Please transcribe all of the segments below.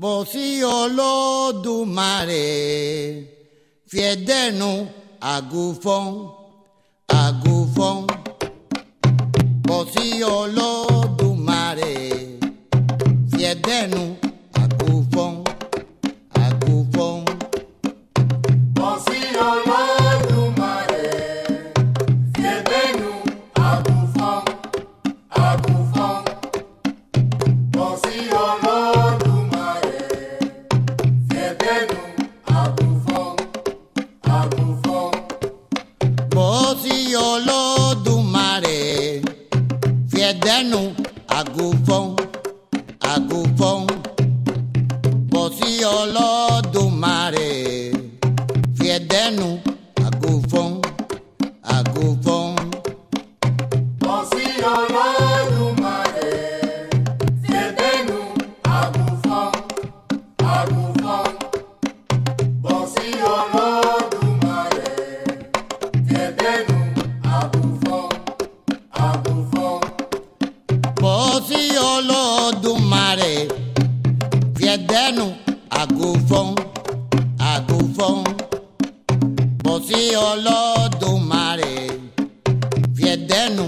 Bòsí Olódùmarè fiẹ̀dẹ́nu àgùfọ́n àgùfọ́n. Bòsí Olódùmarè fiẹ̀dẹ́nu àgùfọ́n. dẹ́nu àgùnfọ́n àgùnfọ́n bọ̀ sí Olódùmarè fìẹ́ dẹ́nu àgùnfọ́n àgùnfọ́n. bọ̀ sí Olódùmarè fìẹ́ dẹ́nu àgùnfọ́n àgùnfọ́n bọ̀ sí sí Olódùmarè fi ẹ̀dẹ́nu.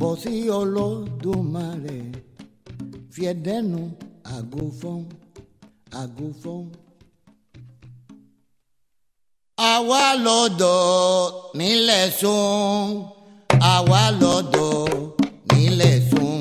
bɔsi ɔlɔ do ma lɛ fiɛ dɛnu ago fɔn ago fɔn. àwa lọ́dọ̀ nílẹ̀ sùn àwa lọ́dọ̀ nílẹ̀ sùn.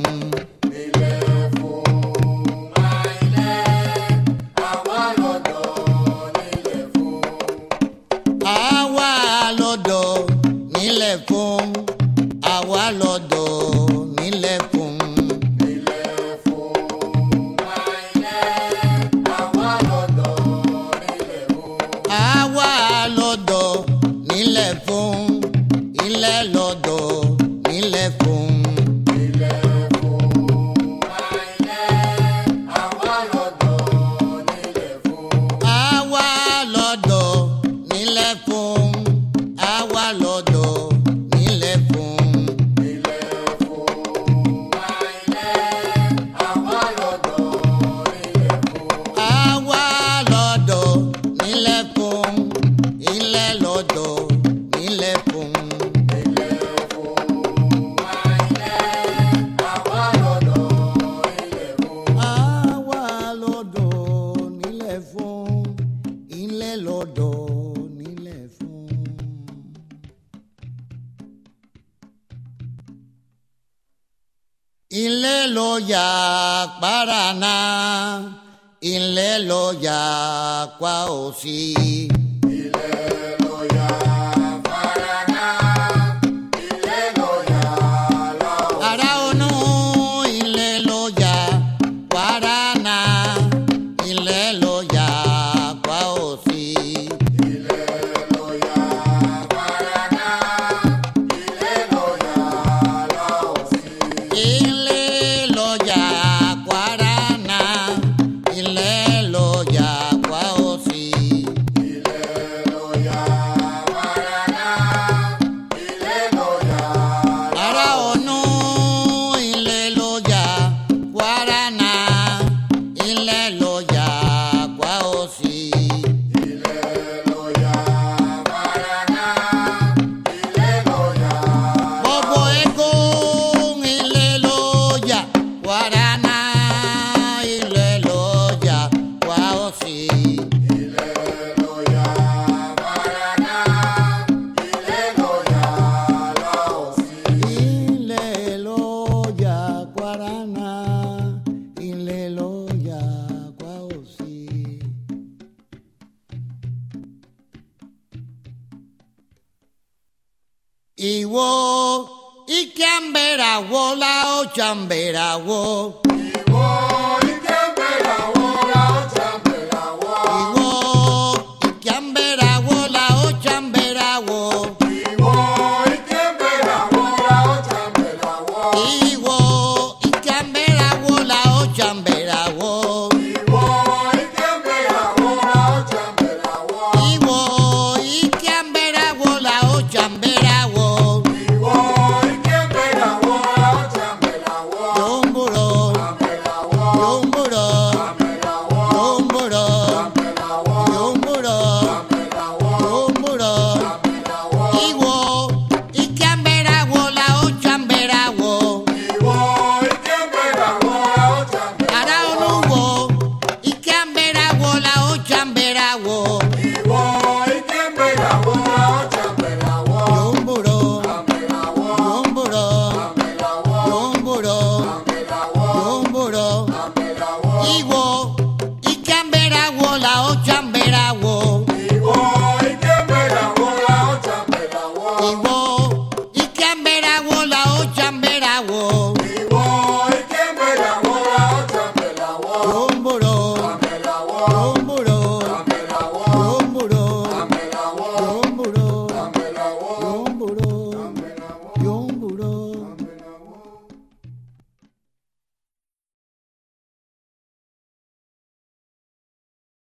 loya Paraná, inle loya Cuausi. Iwo, ikiamberawo, lao chamberawo. Iwo, ikiamberawo, lao chamberawo. Iwo, ikiamberawo, lao chamberawo. Iwo, ikiamberawo, lao chamberawo. Iwo, ikiamberawo, lao chamberawo.